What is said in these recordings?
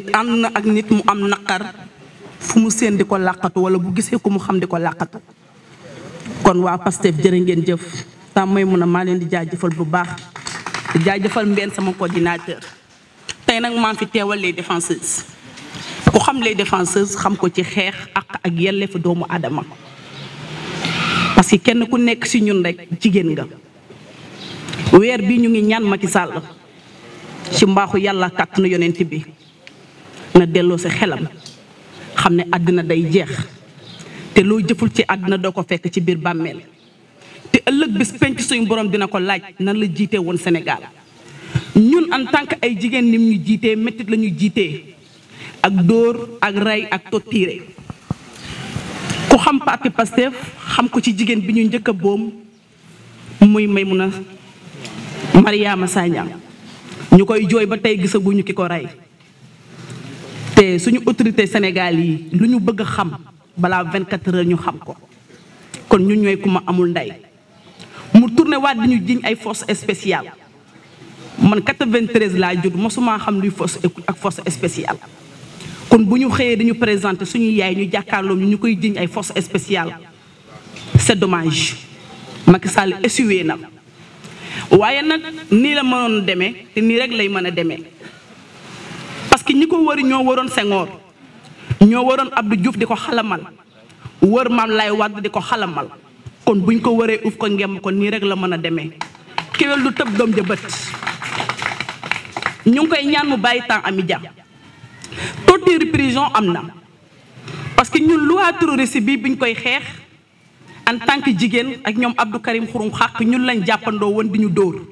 nit ànd na ak nit mu am nakar fu mu seen diko laqatu wala bu gisee ku mu xam diko ko kon waa Pastef jërë ngeen jëf tam may mun a maa leen di jaajëfal bu baax di jaajëfal mbenn sama coordinateur tey nag maa fi teewal les défenseuses ku xam les défenseuses xam ko ci xeex ak ak fa doomu adama parce que kenn ku nekk si ñun rek jigéen nga weer bi ñu ngi ñaan Macky Sall ci mbaaxu yàlla kàttanu yonent bi na delloo si xelam xam ne àddina day jeex te loo jëful ci àddina doo ko fekk ci biir bàmmeel te ëllëg bis penc suñu borom dina ko laaj nan la jiite woon senegaal ñun en tant que ay jigéen nim ñu jiitee méttit la ñu jiitee ak dóor ak rey ak tottiire ku xam parti Pastef xam ko ci jigéen bi ñu njëkk a boom muy Maimouna Mariama Sagna ñu koy jooy ba tey gisaguñu ki ko rey suñu autorité Sénégal yi lu ñu bëgg a xam balaa 24 heures ñu xam ko kon ñu ñooy ku ma amul ndey mu tourné waat di ñu jiñ ay force spéciale man 93 laa jur mosuma xam luy force ak force spéciale kon bu ñu xëyee dañu présenté suñu yaay ñu jàkkaarloo ñu ñu koy jiñ ay force spéciale c'est dommage Macky Sall essuwee na waaye nag nii la mënoon demee te nii rek lay mën a demee ki ñiko ko ño sengor, sengor ño ñoo Abdou Diouf diko xalamal wër mam Lay wad diko xalamal kon buñ ko wëree uf ko ngem kon ni rek la mëna démé kewel dom du tepp dom je bët ñu koy ñaan mu bàyyi tan ami dia torture prison amna parce que ñun loi terroriste bi buñ koy xex en tant que jigen ak ñom Abdou Karim Xurum xaq ñun lañ jappando won diñu door dóor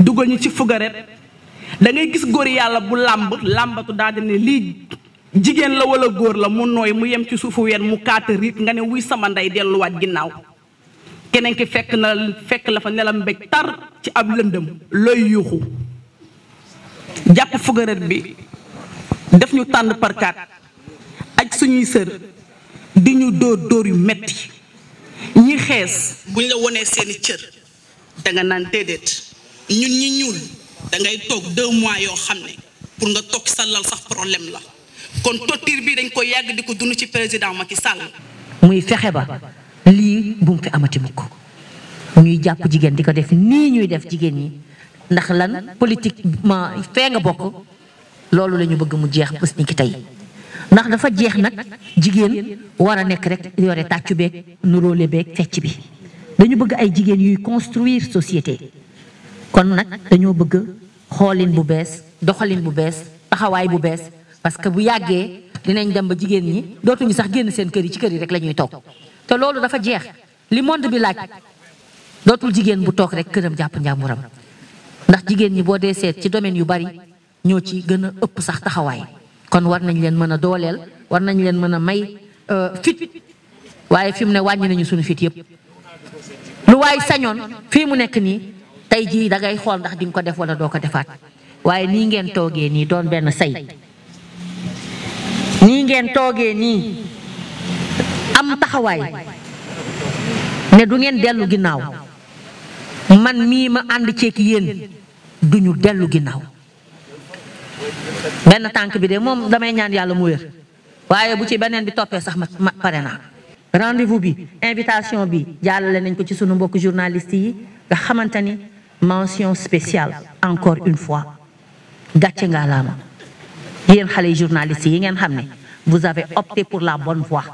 dugal ñu ci fugaret dangay gis góor yàlla bu làmb làmbatu daal ni lii jigéen la wala góor la mu nooy mu yem ci suufu ween mu kaata riit nga ne wuy sama ndey delluwaat ginnaaw keneen ki fekk na fekk la fa ne la mbéj tar ci ab lëndëm looy yuuxu jàpp fugaret bi def ñu tànn parkaat aj suñuy sër di ñu dóor dóor yu metti ñi xees buñ la wonee seeni cër danga naan déedéet ñun ñi ñuul da ngay tok 2 mois yo xam pour nga tok salal sax problème la kon torture bi dañ ko yàgg di ko dund ci président Macky Sall. muy fexé ba li bu mu fi amati mukk muy japp jigen diko def ni ñuy def jigen ñi ndax lan politiquement fe nga bok lolu la bëgg mu jeex bës ni ki ndax dafa jeex nak jigen wara a rek yoré taccu tàccu beeg nuróole beeg fecc bi dañu bëgg ay jigen yuy construire société kon nak dañu bëgg xolin bu bes doxalin bu bes taxaway bu bes parce que bu yagge dinañ dem ba jigen ñi dootuñu sax genn seen kër yi ci kër yi rek lañuy tok te lolu dafa jeex li monde bi laaj dotul jigen bu tok rek këram japp njamuram ndax jigen ñi bo dé seet ci domaine yu bari ñoo ci gëna ëpp sax taxaway kon war nañ leen mëna warna war nañ leen mëna may may euh, fit waye fi mu ne wàññi nañu suñu fit yépp lu way sañon fii mu nekk tay ji da ngay xol ndax ding ko def wala do ko defat waye ni ngeen toge ni don ben say ni ngeen toge ni am taxaway ne du ngeen delu ginaaw man mi ma ci ak yeen duñu delu ginaaw ben tank bi de mom damay ñaan yalla mu wër waye bu ci benen bi topé sax ma ma rendez-vous bi invitation bi jàllale nañ ko ci sunu mbokk journaliste yi nga xamante mention spéciale encore une fois Gatien Lama, yéen xale journalistes vous avez opté pour la bonne voie